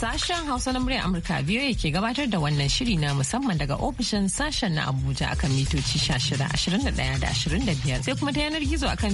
Sashen Hausa na muryar Amurka biyu ke gabatar da wannan shiri na musamman daga ofishin sashen na Abuja akan mitoci ashirin da biyar sai kuma ta yanar gizo akan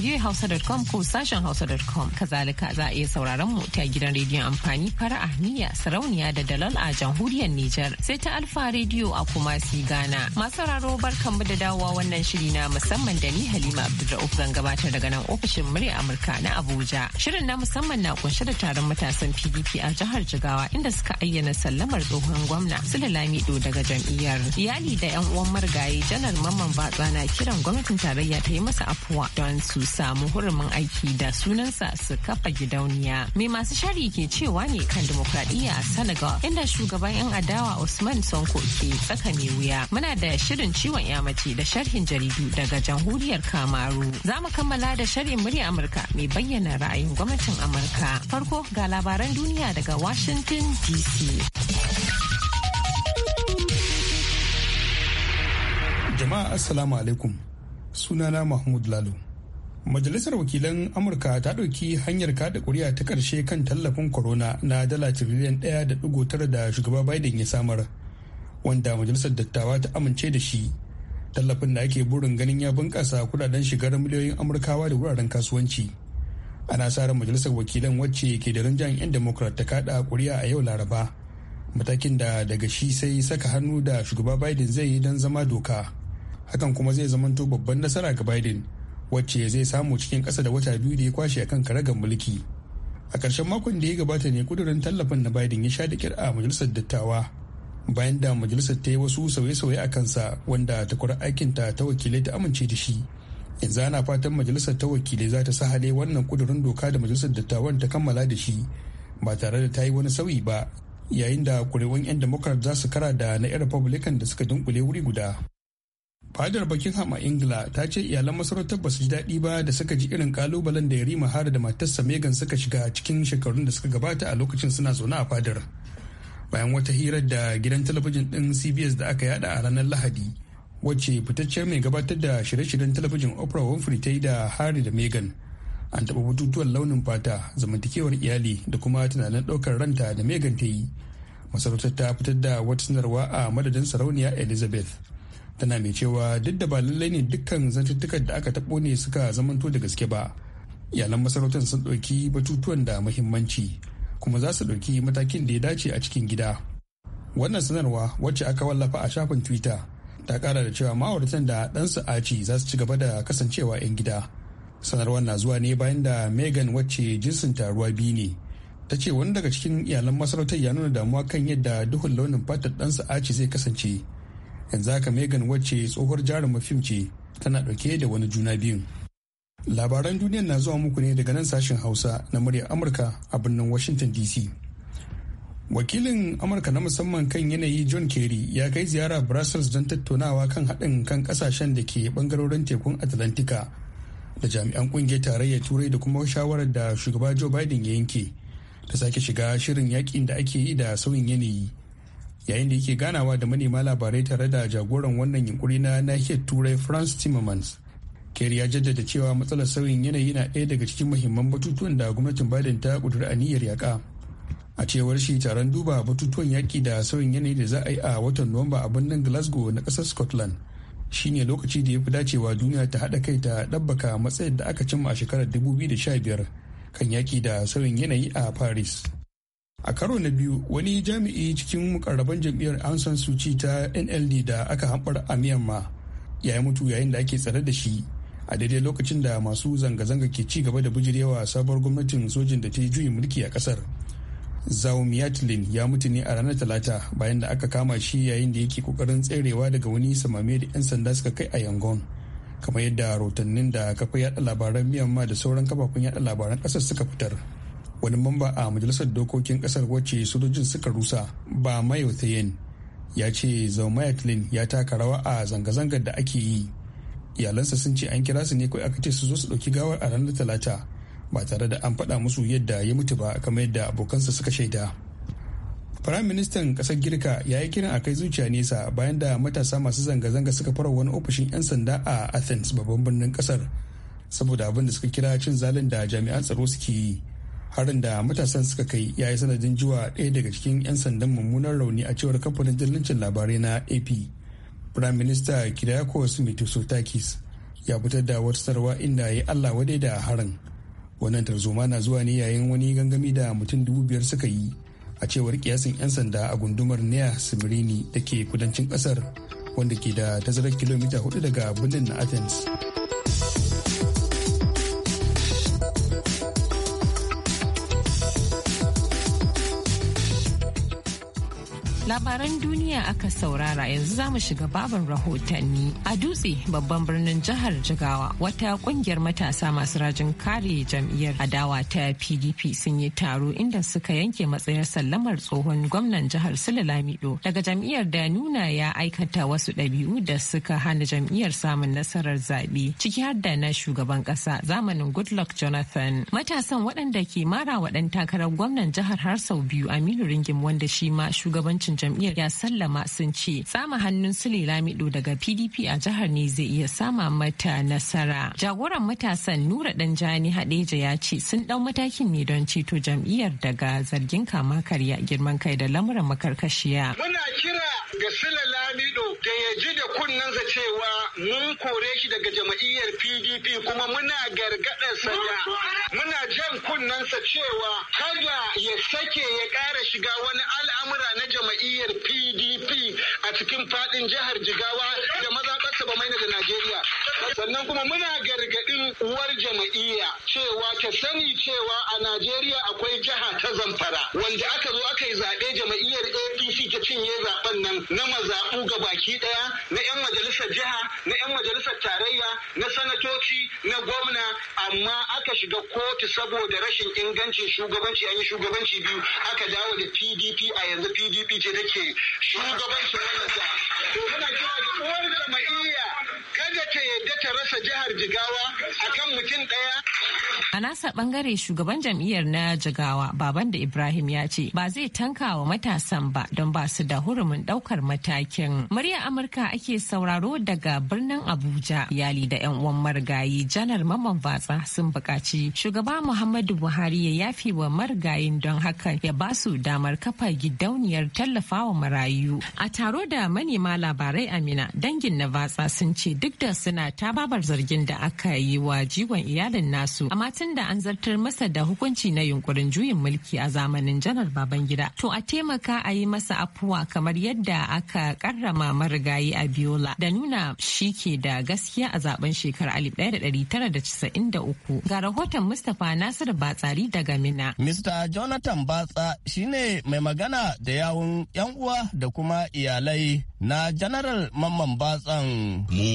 com ko sashen hausa hausa.com. Kazalika za a iya sauraron mu ta gidan rediyon amfani fara'a niyya sarauniya da dalal a jamhuriyar Nijar sai ta Alfa rediyo a kuma si Ghana. Masu sauraro barkan mu da dawowa wannan shiri na musamman da ni Halima Abdulrauf zan gabatar daga nan ofishin muryar Amurka na Abuja. Shirin na musamman na kunshe da taron matasan PDP a jihar Jigawa inda suka ayyana sallamar tsohon gwamna Sule Lamido daga jam'iyyar. Iyali da 'yan uwan marigayi janar Mamman Batsa na kiran gwamnatin tarayya ta yi masa afuwa don su samu hurumin aiki da sunansa su kafa gidauniya. Mai masu shari ke cewa ne kan demokradiyya a Senegal inda shugaban 'yan adawa Usman Sonko ke tsaka mai wuya. Muna da shirin ciwon yamace da sharhin jaridu daga jamhuriyar Kamaru. Za mu kammala da sharhin murya Amurka mai bayyana ra'ayin gwamnatin Amurka. Farko ga labaran duniya daga Washington Jama'a Assalamu alaikum. Sunana Mahmud Lalo. Majalisar Wakilan Amurka ta ɗauki hanyar kada ƙuri'a ta ƙarshe kan tallafin corona na dala tiriliyan ɗaya da ɗigo tara da shugaba Biden ya samar, wanda Majalisar Dattawa ta amince da shi. Tallafin da ake burin ganin ya bunƙasa kudaden shigar miliyoyin Amurkawa da wuraren kasuwanci. ana sa ran majalisar wakilan wacce ke da rinjan 'yan democrat ta kada kuri'a a yau laraba matakin da daga shi sai saka hannu da shugaba biden zai yi don zama doka hakan kuma zai zamanto babban nasara ga biden wacce zai samu cikin kasa da wata biyu da ya kwashe akan karagar mulki a ƙarshen makon da ya gabata ne kudurin tallafin na biden ya sha da a majalisar dattawa bayan da majalisar ta yi wasu sauye-sauye a kansa wanda takwarar aikinta ta wakilai ta amince da shi yanzu ana fatan majalisar ta wakilai za ta sahale wannan kudurin doka da majalisar dattawan ta kammala da shi ba tare da ta yi wani sauyi ba yayin da kurewan 'yan democrat za su kara da na 'yan republican da suka dunkule wuri guda fadar bakin hama ingila ta ce iyalan masarautar ba su ji daɗi ba da suka ji irin kalubalen da yarima har da matarsa megan suka shiga cikin shekarun da suka gabata a lokacin suna zaune a fadar bayan wata hirar da gidan talabijin din cbs da aka yada a ranar lahadi wacce fitaccen mai gabatar da shirye-shiryen talabijin Oprah Winfrey ta yi da Harry da Meghan. An taɓa batutuwan launin fata, zamantakewar iyali da kuma tunanin ɗaukar ranta da Meghan ta yi. Masarautar ta fitar da wata sanarwa a madadin sarauniya Elizabeth. Tana mai cewa duk da ba lallai ne dukkan zantuttukan da aka taɓo ne suka zamanto da gaske ba. Iyalan masarautar sun ɗauki batutuwan da muhimmanci kuma za su ɗauki matakin da ya dace a cikin gida. Wannan sanarwa wacce aka wallafa a shafin Twitter ta kara da cewa ma'auratan da ɗansu aci za su ci gaba da kasancewa 'yan gida sanarwar na zuwa ne bayan da megan wacce jinsin taruwa biyu ne ta ce wani daga cikin iyalan masarautar ya nuna damuwa kan yadda duhun launin fatar ɗansa aci zai kasance yanzu haka megan wacce tsohuwar jarin fim ce tana ɗauke da wani juna biyun labaran duniyar na zuwa muku ne daga nan sashen hausa na murya amurka a birnin washington dc wakilin amurka na musamman kan yanayi john kerry ya kai ziyara brussels don tattaunawa kan haɗin kan ƙasashen da ke ɓangarorin tekun atlantika da jami'an ƙungiyar tarayyar turai da kuma shawarar da shugaba joe biden ya yanke ta sake shiga shirin yakin da ake yi da sauyin yanayi yayin da yake ganawa da manema labarai tare da jagoran wannan yunkuri na nahiyar turai france timmermans kerry ya jaddada cewa matsalar sauyin yanayi na ɗaya daga cikin muhimman batutuwan da gwamnatin biden ta ƙudura aniyar yaƙa a cewar shi taron duba batutuwan yaƙi da sauyin yanayi da za a yi a watan nuwamba a birnin glasgow na ƙasar scotland shine lokaci da ya fi dacewa duniya ta haɗa kai ta ɗabbaka matsayin da aka cimma a shekarar 2015 kan yaƙi da sauyin yanayi a paris a karo na biyu wani jami'i cikin mukarraban jam'iyyar an san suci ta nld da aka hambar a myanmar ya mutu yayin da ake tsare da shi a daidai lokacin da masu zanga-zanga ke ci gaba da bijirewa sabuwar gwamnatin sojin da ta yi juyin mulki a ƙasar Zaumiatlin ya mutu ne a ranar Talata bayan da aka kama shi yayin da yake kokarin tserewa daga wani samame da 'yan sanda suka kai a Yangon. Kamar yadda rotannin da kafa yada labaran Myanmar da sauran kafafun yada labaran kasar suka fitar. Wani mamba a majalisar dokokin kasar wacce sojojin suka rusa ba Mayo ya ce Zaumiatlin ya taka rawa a zanga-zangar da ake yi. Iyalansa sun ce an kira su ne kawai aka ce su zo su ɗauki gawar a ranar Talata. ba tare da an faɗa musu yadda ya mutu ba kamar yadda abokansa suka shaida Prime ministan ƙasar girka ya yi kiran a kai zuciya nesa bayan da matasa masu zanga-zanga suka fara wani ofishin 'yan sanda a athens babban birnin ƙasar saboda abin da suka kira cin zalin da jami'an tsaro suke yi harin da matasan suka kai ya yi sanadin jiwa ɗaya daga cikin 'yan sandan mummunan rauni a cewar kamfanin dillancin labarai na ap prime minister kiriakos mitsotakis ya fitar da wata sarwa inda ya yi allah wadai da harin wannan tarzoma na zuwa ne yayin wani gangami da mutum dubu biyar suka yi a cewar kiyasin 'yan sanda a gundumar nea simirini da ke kudancin kasar wanda ke da tazarar kilomita hudu daga birnin na athens Labaran duniya aka saurara yanzu za mu shiga babin rahotanni. A dutse babban birnin jihar Jigawa wata kungiyar matasa masu rajin kare jam'iyyar adawa ta PDP sun yi taro inda suka yanke matsayar sallamar tsohon gwamnan jihar Sule Lamido daga jam'iyyar da nuna ya aikata wasu ɗabi'u da suka hana jam'iyyar samun nasarar zaɓe ciki har da na shugaban ƙasa zamanin Goodluck Jonathan. Matasan waɗanda ke mara waɗan takarar gwamnan jihar har sau biyu Aminu Ringim wanda shi ma shugabancin jam'iyyar ya sallama sun ce sama hannun Sule Lamido daga PDP a jihar ne zai iya sama mata nasara. Jagoran matasan Nura Danjani Hadeja ya ce sun dau matakin ne don ceto jam'iyyar daga zargin kama karya girman kai da lamuran makarkashiya. Muna kira ga Sule Lamido da ya ji da kunnensa cewa mun kore shi daga jama'iyyar PDP kuma muna gargaɗarsa sanya. muna jan kunnensa cewa kada ya sake ya ƙara shiga wani al'amura na jama'iyyar PDP a cikin faɗin jihar Jigawa da mazaɓarsa ba maina da Najeriya. sannan kuma muna gargaɗin uwar jama'iyya cewa ta sani cewa a najeriya akwai jiha ta zamfara wanda aka zo aka yi zaɓe jama'iyyar apc ta cinye zaɓen nan na mazaɓu ga baki ɗaya na 'yan majalisar jiha na 'yan majalisar tarayya na sanatoci na gwamna amma aka shiga kotu saboda rashin ingancin shugabanci an yi shugabanci biyu aka dawo da pdp a yanzu pdp ce take shugabancin wannan jiha to muna kira da uwar jama'iyya kada ta yi yadda ta rasa jihar Jigawa akan mutum ɗaya. A nasa ɓangare shugaban jam'iyyar na Jigawa baban da Ibrahim ya ce ba zai tanka wa matasan ba don ba su da hurumin ɗaukar matakin. Murya Amurka ake sauraro daga birnin Abuja iyali da 'yan uwan marigayi janar Maman Batsa sun buƙaci shugaba Muhammadu Buhari ya yafi wa marigayin don haka ya ba su damar kafa gidauniyar tallafawa marayu. A taro da manema labarai Amina dangin na Batsa sun ce duk da suna ta babar zargin da aka yi wa jigon iyalin nasu amma tun da an zartar masa da hukunci na yunkurin juyin mulki a zamanin janar babangida to a taimaka a yi masa afuwa kamar yadda aka karrama marigayi a biola da nuna shi ke da gaskiya a zaben shekarar 1993 ga rahoton mustapha nasiru batsari daga mina mr jonathan batsa shine mai magana da yawun yan uwa da kuma iyalai na General Mamman Batsan. Mu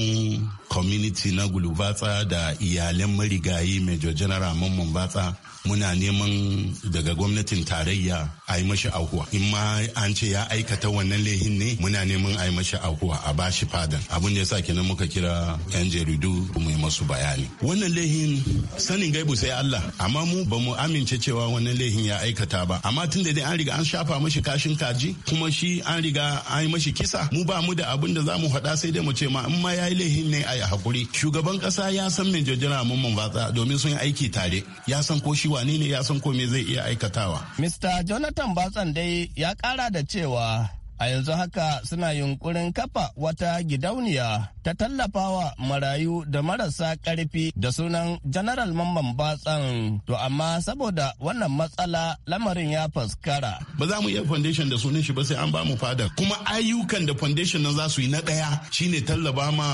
community na Gulubatsa da iyalan marigayi Major General Mamman Batsa muna neman daga gwamnatin tarayya a yi mashi ahuwa in ma an ce ya aikata wannan laihin ne muna neman a yi mashi ahuwa a bashi fadan abin da ya sa kenan muka kira yan jaridu mu yi masu bayani wannan laihin sanin gaibu sai Allah amma mu ba mu amince cewa wannan laihin ya aikata ba amma tun da dai an riga an shafa mashi kashin kaji kuma shi an riga an yi mashi kisa mu ba mu da abin da za mu faɗa sai dai mu ce ma in ma ya yi laihin ne a yi hakuri shugaban kasa ya san mai jajjara mun mun domin sun yi aiki tare ya san ko shi wane ne ya san ko me zai iya aikatawa. Mr. Jonathan Batsan dai ya kara da cewa a yanzu haka suna yunkurin kafa wata gidauniya ta tallafawa marayu da marasa ƙarfi da sunan General Mamman Batsan. To amma saboda wannan matsala lamarin ya faskara. Ba za mu iya foundation da sunan shi ba sai an ba mu fada. Kuma ayyukan da foundation nan za su yi na ɗaya shine tallaba ma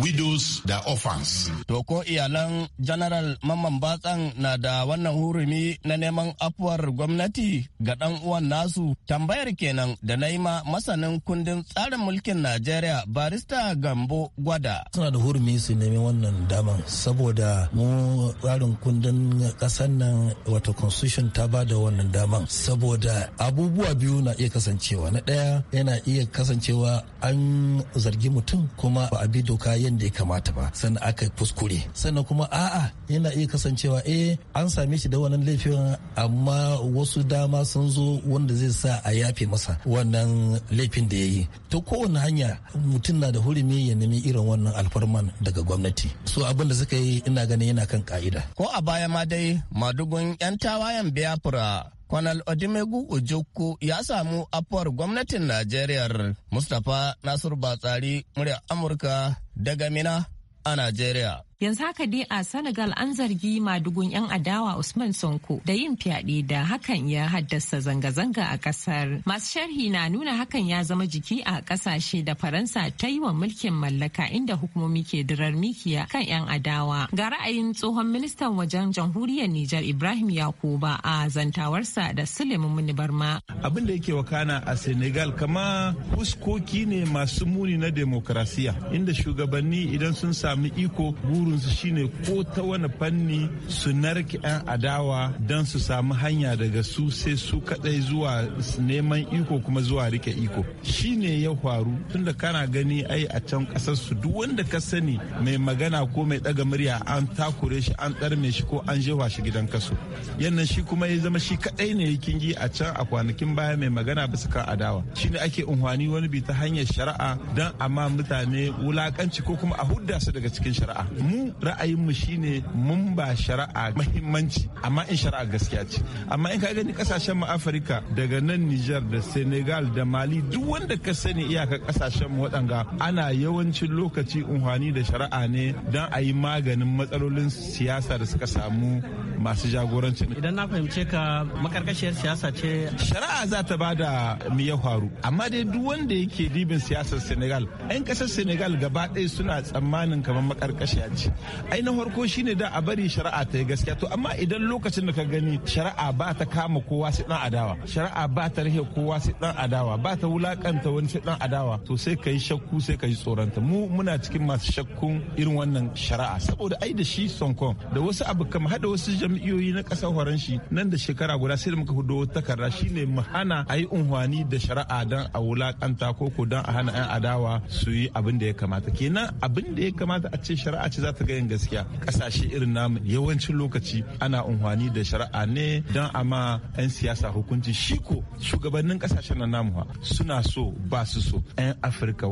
widows da orphans. To ko iyalan General Mamman Batsan na da wannan hurumi na neman afuwar gwamnati ga ɗan uwan nasu tambayar kenan da na ma masanin kundin tsarin mulkin Najeriya barista Gambo gwada suna da hurumi su nemi wannan daman saboda mu tsarin kundin ƙasar nan wato constitution ta ba da wannan daman saboda abubuwa biyu na iya kasancewa na ɗaya yana iya kasancewa an zargi mutum kuma ba a bi doka yadda ya kamata ba sannan aka kuskure sannan kuma a'a yana iya kasancewa e an same shi da wannan laifin amma wasu dama sun zo wanda zai sa a yafe masa wannan laifin da ya yi ta kowane hanya mutum na da hurumi ya nemi yi irin wannan alfarman daga gwamnati so abin da suka yi ina ganin yana kan ka'ida ko a baya ma dai madugun yan tawayen biafra Kwanal Odimegu ojoko ya samu afuwar gwamnatin Najeriya Mustapha Nasiru Batsari murya Amurka daga Mina a Najeriya. yanzu haka dai a senegal an zargi madugun 'yan adawa usman sonko da yin fyaɗe da hakan ya haddasa zanga-zanga a ƙasar masu sharhi na nuna hakan ya zama jiki a ƙasashe da faransa ta yi wa mulkin mallaka inda hukumomi ke dirar mikiya kan 'yan adawa ga ra'ayin tsohon ministan wajen jamhuriyar nijar ibrahim yakuba a zantawarsa da suleiman muni barma abin da yake wakana a senegal kama fuskoki ne masu muni na demokrasiya inda shugabanni idan sun sami iko guru burinsu shine ko ta wani fanni su narki 'yan adawa don su samu hanya daga su sai su kadai zuwa neman iko kuma zuwa rike iko shine ya faru tunda kana gani ai a can kasar su duk wanda ka sani mai magana ko mai daga murya an takure shi an tsarme shi ko an jefa shi gidan kaso yannan shi kuma ya zama shi kadai ne ya kingi a can a kwanakin baya mai magana bisa kan adawa shine ake unhwani wani bi ta hanyar shari'a don amma mutane wulakanci ko kuma a hudda su daga cikin shari'a mu ra'ayin mu shine mun ba shari'a mahimmanci amma in shari'a gaskiya ce amma in ka gani kasashen mu afirka daga nan niger da senegal da mali duk wanda ka sani iyaka kasashen mu waɗanga ana yawancin lokaci unhwani da shari'a ne don a yi maganin matsalolin siyasa da suka samu masu jagoranci idan na fahimce ka makarkashiyar siyasa ce shari'a za ta bada mu ya faru amma dai duk wanda yake dibin siyasar senegal 'yan ƙasar senegal gaba ɗaya suna tsammanin kamar makarkashiya ce ai na farko shine da a bari shari'a ta yi gaskiya to amma idan lokacin da ka gani shari'a ba ta kama kowa sai dan adawa shari'a ba ta rike kowa sai dan adawa ba ta wulakanta wani sai dan adawa to sai kai shakku sai kai tsoranta mu muna cikin masu shakkun irin wannan shari'a saboda ai da shi sonkon da wasu abu kama hada wasu jam'iyyoyi na kasar shi nan da shekara guda sai da muka hudo takarda shine mu hana ayi unhwani da shari'a dan a wulakanta ko ko dan a hana yan adawa su yi abin da ya kamata kenan abin da ya kamata a ce shari'a ce za za ta ga yin gaskiya kasashe irin namu yawancin lokaci ana unhwani da shari'a ne don a 'yan siyasa hukunci shi ko shugabannin kasashen na namu suna so ba su so 'yan afirka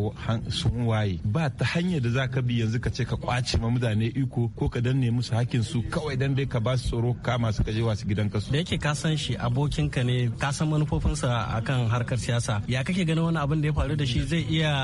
sun waye ba ta hanyar da za ka bi yanzu ka ce ka kwace ma mutane iko ko ka danne musu hakkin su kawai dan dai ka ba su tsoro ka masu kaje wasu gidan kasu da yake ka san shi abokinka ne ka san manufofinsa akan harkar siyasa ya kake ganin wani abin da ya faru da shi zai iya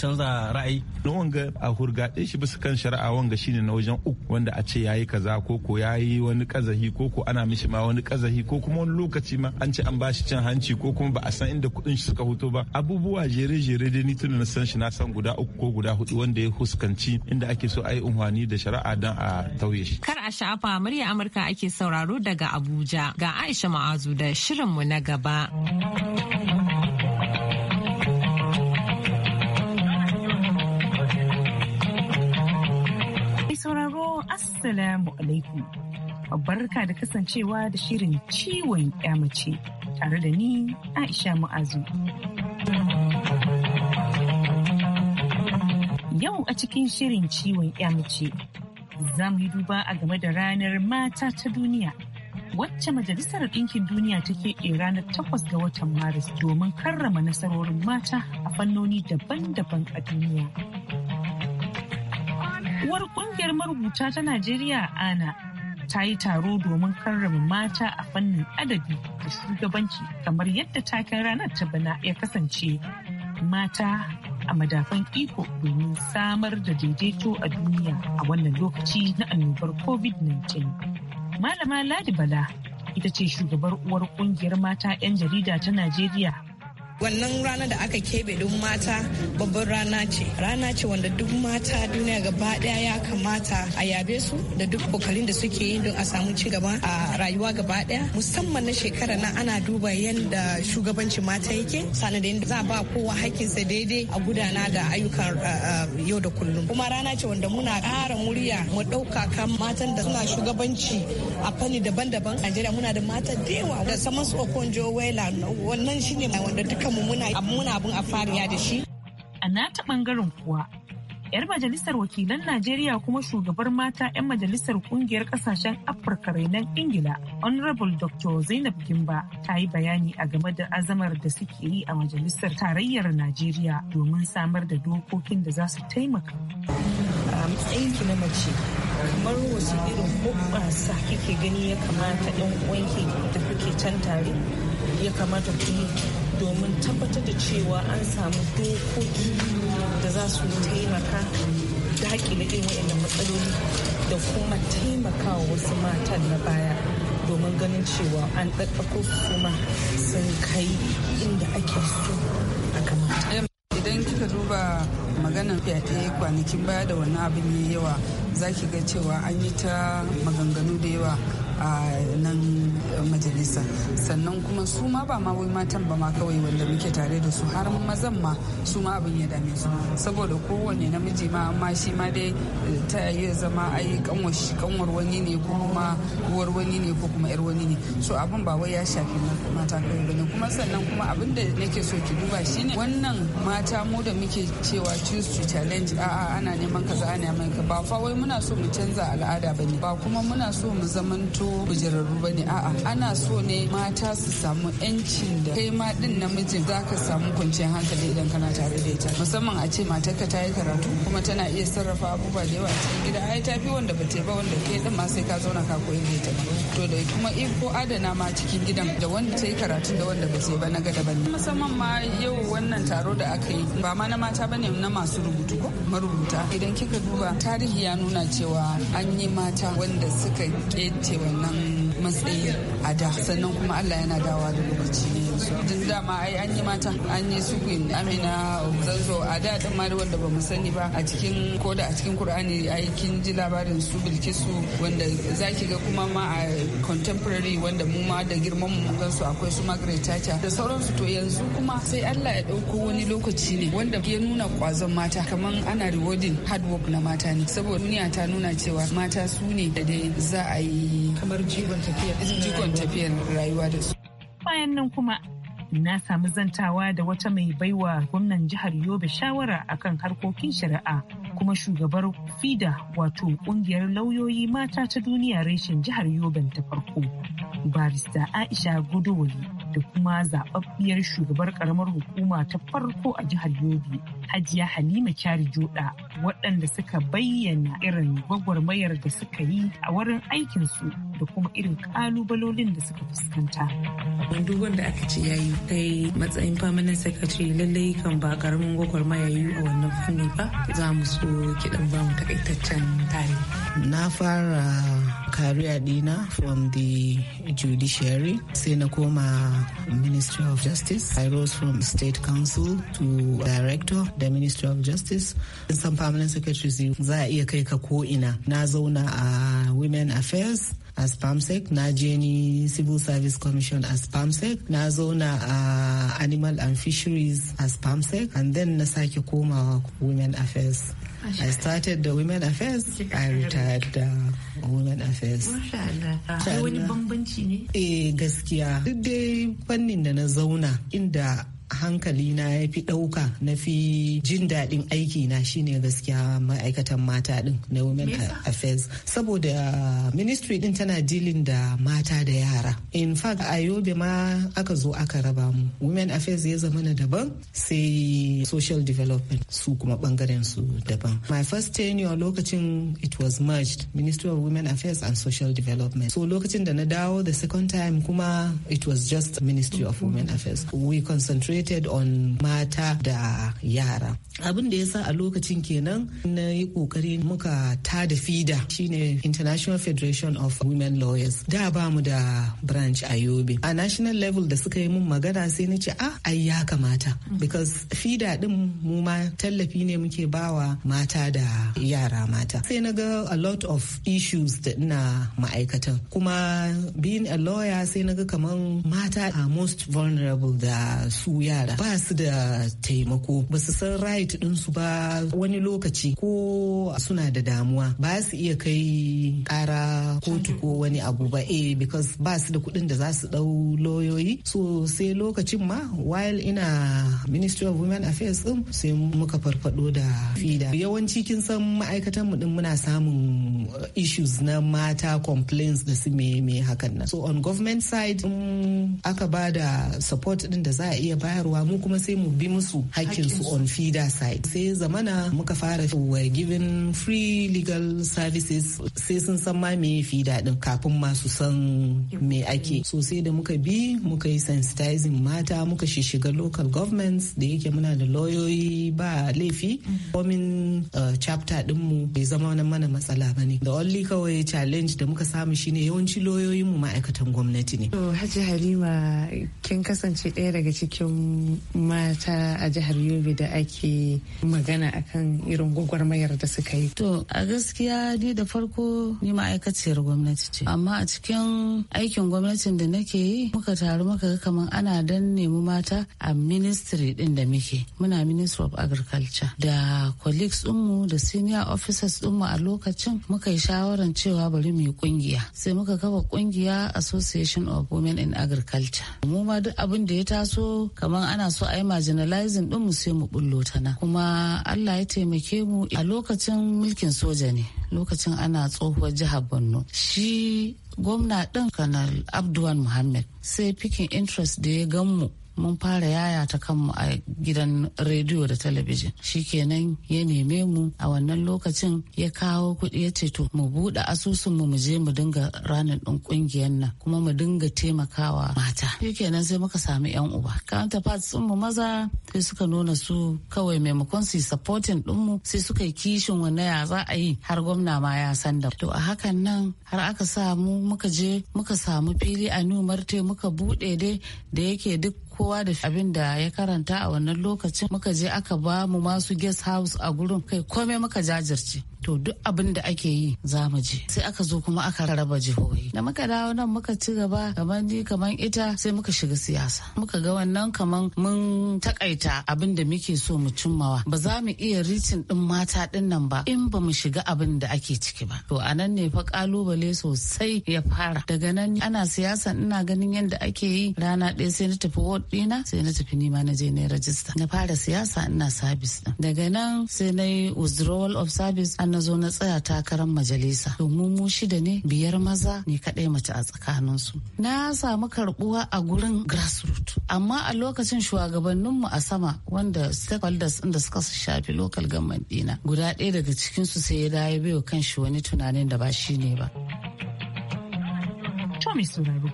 canza ra'ayi don wanga a hurgade shi bisa kan shari'a ga shine na wajen uku wanda a ce yayi kaza ko ko yayi wani kazahi ko ko ana mishi ma wani kazahi ko kuma wani lokaci ma an ce an bashi cin hanci ko kuma ba a san inda kuɗin shi suka hoto ba abubuwa jere-jere da ni tunda na san shi na san guda uku ko guda hudu wanda ya huskanci inda ake so ayi yi unhwani da shari'a dan a tauye shi. Kar a shafa murya Amurka ake sauraro daga Abuja ga Aisha Ma'azu da shirin mu na gaba. Assalamu alaikum. Barka da kasancewa da shirin ciwon mace tare da ni Aisha Mu'azu. Yau a cikin shirin ciwon mace za mu yi duba a game da ranar mata ta duniya. Wacce Majalisar Ɗinkin Duniya take ke ranar takwas ga watan Maris domin karrama nasarorin mata a fannoni daban-daban a duniya. uwar kungiyar marubuta ta najeriya ana ta yi taro domin karrama mata a fannin adabi da shugabanci kamar yadda taken ranar ta bana ya kasance mata a madafan iko domin samar da daidaito a duniya a wannan lokaci na annobar covid-19 malama ladi bala ita ce shugabar uwar kungiyar mata 'yan jarida ta najeriya wannan rana da aka keɓe don mata babban rana ce rana ce wanda duk mata duniya gaba daya ya kamata a yabe su da duk kokarin da suke yi don a samu ci gaba a rayuwa gaba daya musamman na shekara na ana duba yadda shugabanci mata yake sanadin za ba kowa sa daidai a gudana da ayyukan eh, eh, yau da kullum kuma rana ce wanda muna ƙara murya mu ɗauka kan matan da suna shugabanci a fanni daban-daban a muna da mata da da saman su Okonjo Wela wannan shine wanda duk dukkanmu muna muna afariya da shi a nata bangaren kuwa yar majalisar wakilan najeriya kuma shugabar mata 'yan majalisar kungiyar kasashen afirka Rainan ingila honorable dr zainab gimba ta yi bayani a game da azamar da suke yi a majalisar tarayyar najeriya domin samar da dokokin da za su taimaka a matsayinki na mace kamar wasu irin hoɓasa kike gani ya kamata 'yan uwanki da kuke can ya kamata ku domin tabbatar da cewa an samu dokoki da za su taimaka dakile irin waɗannan matsaloli da kuma taimakawa wasu matan na baya domin ganin cewa an ɗaɗɗako su kuma sun kai inda ake so a kamata. Idan kika duba maganar fyaɗe kwanakin baya da wani abin yayi yawa za ki ga cewa an yi ta maganganu da yawa a nan majalisa sannan kuma su ma ba ma wai matan ba ma kawai wanda muke tare da su har mazan ma su ma abin ya dame su saboda kowane namiji ma amma shi ma dai eh, ta yi zama ai kanwar wani ne ko kuma uwar wani ne ko kuma yar wani ne so abin ba wai ya shafi mata kawai bane kuma sannan kuma abin da nake so ki duba shine wannan mata mu da muke cewa choose to challenge a'a ana neman kaza ana neman ka ba fa wai muna so mu canza al'ada bane ba kuma muna so mu zamanto ba bane a'a ana so ne mata su samu 'yancin da kai ma din namijin za ka samu kwanciyar hankali idan kana tare da ita musamman a ce matarka ta yi karatu kuma tana iya sarrafa abubuwa da yawa cikin gida ai ta fi wanda ba ba wanda kai din ma sai ka zauna ka koyi da ita to da kuma iko adana ma cikin gidan da wanda ta yi karatu da wanda ba ba na gada bane musamman ma yau wannan taro da aka yi ba ma na mata bane na masu rubutu ko marubuta idan kika duba tarihi ya nuna cewa an yi mata wanda suka kece wannan matsayi a da sannan kuma Allah yana dawa da lokaci yanzu din dama ai an yi mata an yi su queen Amina Zanzo a da din ma wanda ba mu sani ba a cikin ko da a cikin Qur'ani ai kin ji labarin su Bilkisu wanda zaki ga kuma ma a contemporary wanda mu ma da girman mu gan su akwai su Margaret Thatcher da sauransu to yanzu kuma sai Allah ya dauko wani lokaci ne wanda ya nuna kwazon mata kaman ana rewarding hard work na mata ne saboda duniya ta nuna cewa mata su ne da dai za a yi kamar jigon tafiyar rayuwa da su bayan nan kuma na samu zantawa da wata mai baiwa gwamnan jihar yobe shawara akan harkokin shari'a kuma shugabar fida wato kungiyar lauyoyi mata ta duniya reshen jihar Yobe ta farko barista aisha godowali da kuma zababbiyar shugabar karamar hukuma ta farko a jihar yobe hajiya halima kyari joda waɗanda suka bayyana irin gwagwarmayar da suka yi a wurin aikinsu da kuma irin ƙalubalolin da suka fuskanta dogon wanda aka ce yayi kai matsayin permanent secretary lallai kan ba karamin gwagwarmaya yi a wannan fanni ba za mu so kiɗan ba mu takaitaccen tarihi. Na fara kariya dina from the judiciary sai na koma ministry of justice i rose from state council to director the ministry of justice some permanent secretary za a iya kai ka ko'ina. na zauna a women affairs A Spamsec na je ni civil service commission a Spamsec. na zauna a uh, animal and fisheries a Spamsec. and then na sake komawa women affairs I started the Women Affairs. I retired the uh, Women Affairs. wani bambanci ne? Eh gaskiya. Duk dai fannin da na zauna inda hankali na ya fi ɗauka na fi jin daɗin aiki na shine gaskiya ma'aikatan mata ɗin na women affairs saboda ministry ɗin tana dealing da mata da yara in fact a yobe ma aka zo aka raba mu women affairs ya zama na daban sai social development su kuma bangaren su daban my first tenure lokacin it was merged ministry of women affairs and social development so lokacin da na dawo the second time kuma it was just ministry of women affairs we concentrate concentrated on mata da yara abin da ya sa a lokacin kenan na yi kokari muka da fida shine international federation of women lawyers da ba mu da branch a yobe a national level da suka yi mun magana sai na ce a ah, ai ya kamata mm. because fida din mu ma tallafi ne muke bawa mata da yara mata sai na ga a lot of issues da ina ma'aikatan kuma being a lawyer sai na ga kaman mata are most vulnerable da su yara ba su da taimako ba su san right ɗinsu ba wani lokaci ko suna da damuwa ba su iya kai ƙara kotu ko wani abu ba eh because ba su da kuɗin da za su ɗau lauyoyi so sai lokacin ma while ina ministry of women affairs ɗin sai muka farfado da fida yawanci kin san ma'aikatan mu ɗin muna samun uh, issues na mata complaints da su me me hakan nan so on government side aka ba da support ɗin da za a iya ba bayarwa mu kuma sai mu bi musu su on feeder side sai zamana muka fara were given free legal services sai sun san ma me feeder din kafin ma su san me ake so sai da muka bi muka yi sensitizing mata muka shishiga local governments da yake muna da lawyoyi ba laifi komin mm-hmm. uh, chapter mu bai zama wani mana matsala ba ne da only kawai challenge da muka samu shine yawanci mu ma'aikatan gwamnati ne to hajji halima kin kasance ɗaya daga cikin mata a jihar yobe da ake magana akan irin gwagwarmayar da suka yi to a gaskiya ni da farko ni ma'aikaciyar gwamnati ce amma a cikin aikin gwamnatin da nake yi muka taru muka ga kamar ana dan nemi mata a ministry din da muke muna ministry of agriculture da colleagues dinmu da senior officers dinmu a lokacin muka yi shawaran cewa bari mu yi kungiya sai muka kafa kungiya association of women in agriculture mu ma duk abin da ya taso kamar kamar ana so a yi marginalizing ɗin mu sai mu bullo ta nan kuma Allah ya taimake mu a lokacin mulkin soja ne lokacin ana tsohuwar jihar Borno shi gwamna ɗin kanal Abdulwan Muhammad sai fikin interest da ya gan mu mun fara yaya ta kanmu a gidan rediyo da talabijin shikenan ya neme mu a wannan lokacin ya kawo kuɗi ya ce to mu buɗe asusun mu je mu dinga ranar ɗin ƙungiyar nan kuma mu dinga taimakawa mata kenan sai muka samu yan uba counterparts sun mu maza sai suka nuna su kawai maimakon su supporting ɗin mu sai suka yi kishin wannan ya za a yi har gwamna ma ya san da to a hakan nan har aka samu muka je muka samu fili a numarte muka buɗe dai da yake duk kowa da abin da ya karanta a wannan lokacin muka je aka ba mu masu guest house a gurin kai komai muka jajirce to duk abin da ake yi za mu je sai aka zo kuma aka raba jihohi da muka dawo nan muka ci gaba kamar ni kamar ita sai muka shiga siyasa muka ga wannan kamar mun takaita abin da muke so mu cimmawa ba za mu iya ricin din mata din nan ba in ba mu shiga abin da ake ciki ba to anan ne fa kalubale sosai ya fara daga nan ana siyasa ina ganin yadda ake yi rana ɗaya sai na tafi ward dina sai na tafi nima na je na rajista na fara siyasa ina service daga nan sai na yi withdrawal of service an na zo na tsaya takarar majalisa domin mu shida ne biyar maza ne kaɗai mace a tsakanin su. na samu karɓuwa a gurin grassroot amma a lokacin shugabanninmu a sama wanda stakeholders da suka shafi local government dina guda ɗaya daga cikinsu sai ya dawo kan shi wani tunanin da ba shi ne ba. To mai sauraro,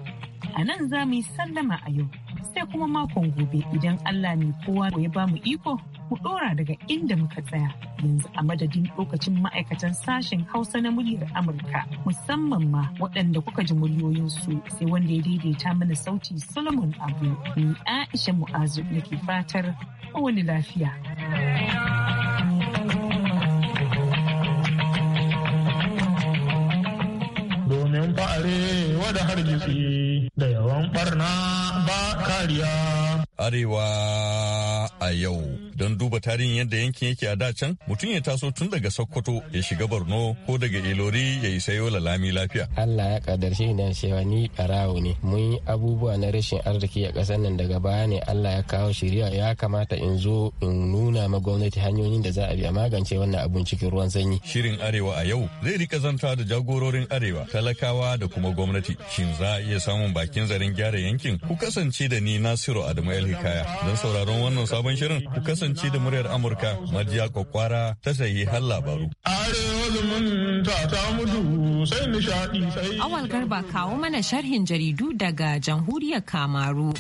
a nan za mu yi sallama a yau sai kuma makon gobe idan Allah ne kowa ya ba mu iko mu ɗora daga inda muka tsaya. yanzu a madadin lokacin ma'aikatan sashen Hausa na muryar Amurka musamman ma waɗanda kuka ji muryoyinsu sai wanda ya daidaita mana sauti Solomon Abu ni Aisha Mu'azu nake fatar wani lafiya. Domin fa'are wada hargitsi da yawan ɓarna ba kariya. Arewa a yau. don duba tarihin yadda yankin yake a can mutum ya taso tun daga sokoto ya shiga borno ko daga ilori ya yi sayo lami lafiya allah ya kadarci idan cewa ni barawo ne mun yi abubuwa na rashin arziki a kasar nan daga baya ne allah ya kawo shirya ya kamata in zo in nuna ma gwamnati hanyoyin da za a bi a magance wannan abun cikin ruwan sanyi shirin arewa a yau zai rika zanta da jagororin arewa talakawa da kuma gwamnati shin za a iya samun bakin zarin gyara yankin ku kasance da ni nasiru adamu el hikaya don sauraron wannan sabon shirin ku kasance kasance da muryar Amurka majiya Kwakwara ta sayi har labaru. zumunta ta mutu sai nishaɗi Awal Garba kawo mana sharhin jaridu daga jamhuriyar Kamaru.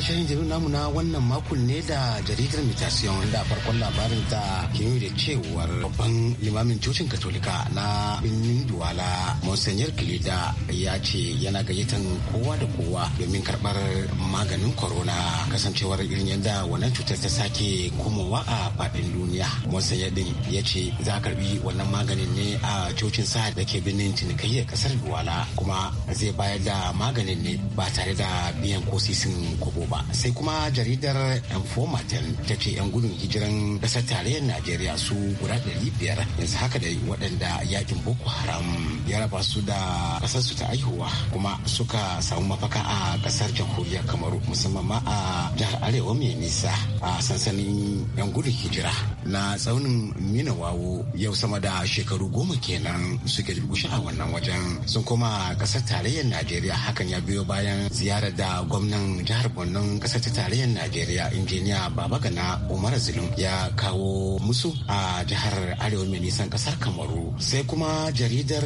shirin jirgin namu na wannan makon ne da jaridar mutation da farkon labarin ta ke da cewar babban limamin cocin katolika na birnin duwala monsignor kilida ya ce yana gayyatan kowa da kowa domin karbar maganin corona kasancewar irin yadda wannan cutar ta sake komowa a faɗin duniya monsignor din ya ce za a karbi wannan maganin ne a cocin sa da ke birnin cinikayyar kasar duwala kuma zai bayar da maganin ne ba tare da biyan ko sisin kobo ba sai kuma jaridar informatin ta ce 'yan gudun hijiran ƙasar tarayyar najeriya su guda ɗari biyar yanzu haka da waɗanda yakin boko haram ya raba su da kasar su ta aihuwa kuma suka samu mafaka a kasar jamhuriyar kamaru musamman ma a jihar arewa mai nisa a sansanin 'yan gudun hijira na tsaunin minawawo yau sama da shekaru goma kenan suke durkushe a wannan wajen sun koma ƙasar tarayyar najeriya hakan ya biyo bayan ziyarar da gwamnan jihar borno shugaban kasar ta tarayyar najeriya injiniya Baba Gana umar zulum ya kawo musu a jihar arewa mai nisan kasar kamaru sai kuma jaridar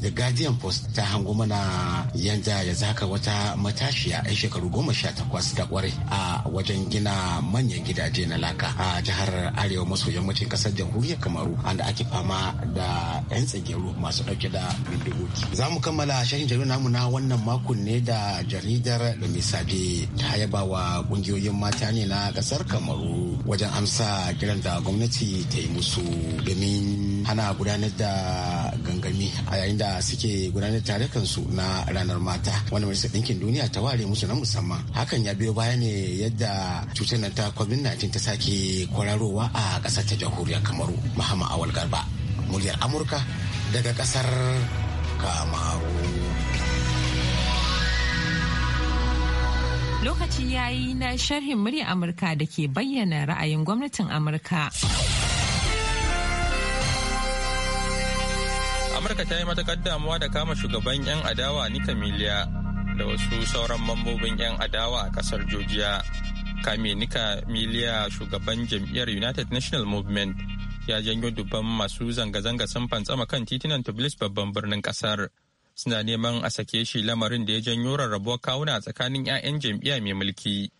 the guardian post ta hango mana yanda ya zaka wata matashiya a shekaru goma sha takwas da kware a wajen gina manyan gidaje na laka a jihar arewa maso yammacin kasar jamhuriyar kamaru da ake fama da yan tsageru masu dauke da bindigogi za mu kammala shahin jaridar namu na wannan makon ne da jaridar da ta ta ba wa kungiyoyin mata ne na kasar kamaru wajen amsa kiran da gwamnati ta yi musu domin hana gudanar da gangami a yayin da suke gudanar da kansu na ranar mata wani majalisar ɗinkin duniya ta ware musu na musamman hakan ya biyo baya ne yadda cutar nan ta covid-19 ta sake kwararowa a ƙasar ta jamhuriyar kamaru muhammad awal garba muryar amurka daga ƙasar kamaru Lokaci ya yi na sharhin murya Amurka da ke bayyana ra'ayin gwamnatin Amurka. Amurka ta yi matakar damuwa da kama shugaban 'yan adawa Nika Miliya da wasu sauran mambobin 'yan adawa a kasar jojiya Kame Nika Miliya shugaban jam'iyyar United National Movement ya janyo dubban masu zanga-zanga sun fantsama kan titunan Tbilisi babban birnin kasar. suna neman a sake shi lamarin da ya janyo rarrabuwar kawuna tsakanin 'ya'yan jam'iyya mai mulki.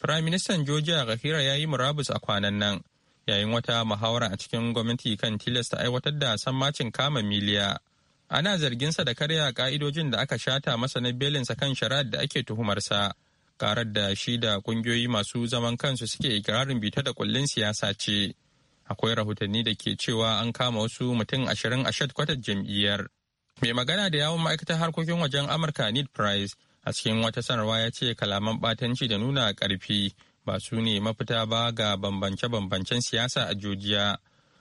Firaministan a Gahira ya yi murabus a kwanan nan yayin wata muhawara a cikin gwamnati kan tilasta aiwatar da sammacin kama miliya. Ana zarginsa da karya ka'idojin da aka shata masa na belinsa kan shari'ar da ake tuhumarsa. Karar da shi da kungiyoyi masu zaman kansu suke ikirarin bita da kullin siyasa ce. Akwai rahotanni da ke cewa an kama wasu mutum ashirin a shatkwatar jam'iyyar. Mai magana da yawon ma'aikatar harkokin wajen Amurka Need Price a cikin wata sanarwa ya ce kalaman batanci da nuna karfi ba su ne mafita ba ga bambance-bambancen siyasa a Jojiya.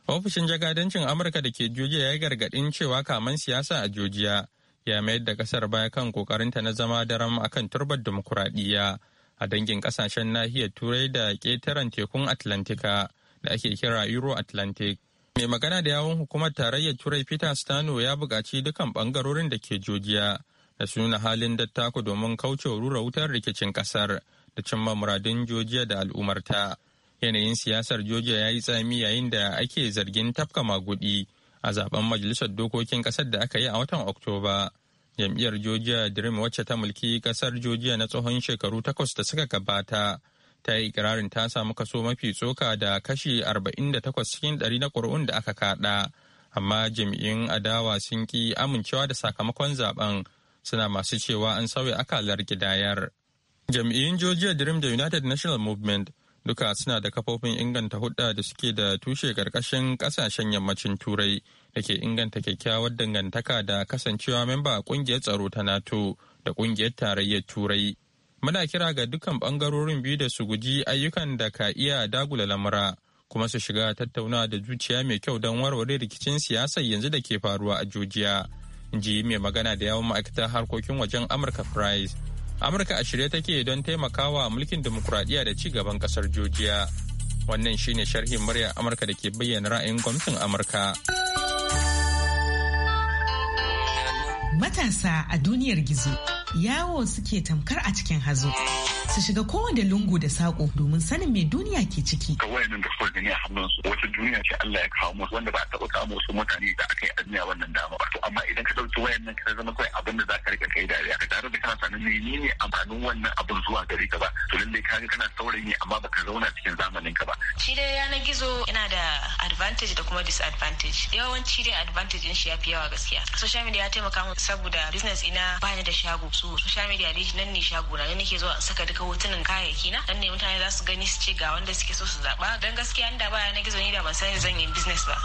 Ofishin jagadancin Amurka da ke Jojiya ya yi gargadin cewa kaman siyasa a Jojiya ya mayar da ƙasar baya kan ƙoƙarinta na zama daram akan turbar dimokuraɗiyya a dangin ƙasashen nahiyar Turai da ƙetaren tekun Atlantika da ake kira Euro Atlantic. mai magana da yawon hukumar tarayyar turai peter stano ya buƙaci dukan bangarorin da ke jojiya da su nuna halin dattako domin kauce rura wutar rikicin ƙasar da cimma muradun jojiya da al'umarta yanayin siyasar jojiya ya yi tsami yayin da ake zargin tafka magudi a zaben majalisar dokokin ƙasar da aka yi a watan oktoba jam'iyyar jojiya dream wacce ta mulki ƙasar jojiya na tsohon shekaru takwas da suka gabata ta yi ikirarin ta samu kaso mafi tsoka da kashi 48 cikin 100 na ƙuri'un da aka kada amma jami'in adawa sun ki amincewa da sakamakon zaben suna masu cewa an sauya akalar gidayar jami'in georgia dream da united national movement duka suna da kafofin inganta hudda da suke da tushe karkashin kasashen yammacin turai da ke inganta kyakkyawar dangantaka da kasancewa memba kungiyar tsaro ta nato da kungiyar tarayyar turai muna kira ga dukkan bangarorin biyu da su guji ayyukan da ka iya dagula lamura kuma su shiga tattaunawa da zuciya mai kyau don warware rikicin siyasar yanzu da ke faruwa a Georgia. ji mai magana da yawon ma'aikatar harkokin wajen Amurka Price. Amurka a shirye take don taimakawa mulkin demokuraɗiyya da ci gaban ƙasar Georgia. Wannan shine sharhin murya Amurka da ke bayyana ra'ayin gwamnatin Amurka. Matasa a duniyar gizo. yawo suke tamkar a cikin hazo. su shiga kowane lungu da sako domin sanin me duniya ke ciki. Ka wayannan da suka gani a hannunsu wata duniya ce Allah ya kawo musu wanda ba a taɓa samu wasu mutane da aka yi a wannan dama ba. To amma idan ka ɗauki nan ka zama kawai abin da za ka riƙa kai dariya ka tare da kana sanin ne amfanin wannan abin zuwa gare ka ba. To lallai ka kana saurayi amma baka zauna cikin zamanin ka ba. Shi dai yanar gizo yana da advantage da kuma disadvantage. Yawanci dai advantage din shi ya fi yawa gaskiya. Social media ya taimaka mu saboda business ina bani da shago. So social media dai nan ne shago na nake zuwa in saka duka ga hotunan kayayyaki na dan ne mutane za su gani su ce ga wanda suke so su zaba dan gaskiya inda ba na gizo ni da ban sani zan yi business ba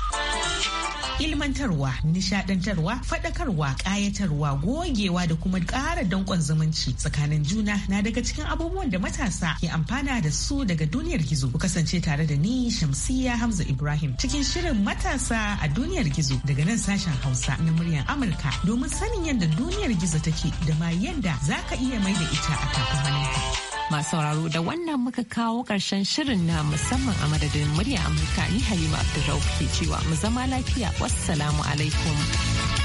ilmantarwa nishadantarwa fadakarwa kayatarwa gogewa da kuma ƙara dankon zumunci tsakanin juna na daga cikin abubuwan da matasa ke amfana da su daga duniyar gizo ku kasance tare da ni shamsiya hamza ibrahim cikin shirin matasa a duniyar gizo daga nan sashen hausa na muryar amurka domin sanin yadda duniyar gizo take da ma yadda za ka iya mai da ita a takwamanin Masu sauraro da wannan muka kawo ƙarshen shirin na musamman a madadin murya Amurka ni Halima Abdulrauf ke cewa mu zama lafiya wassalamu alaikum.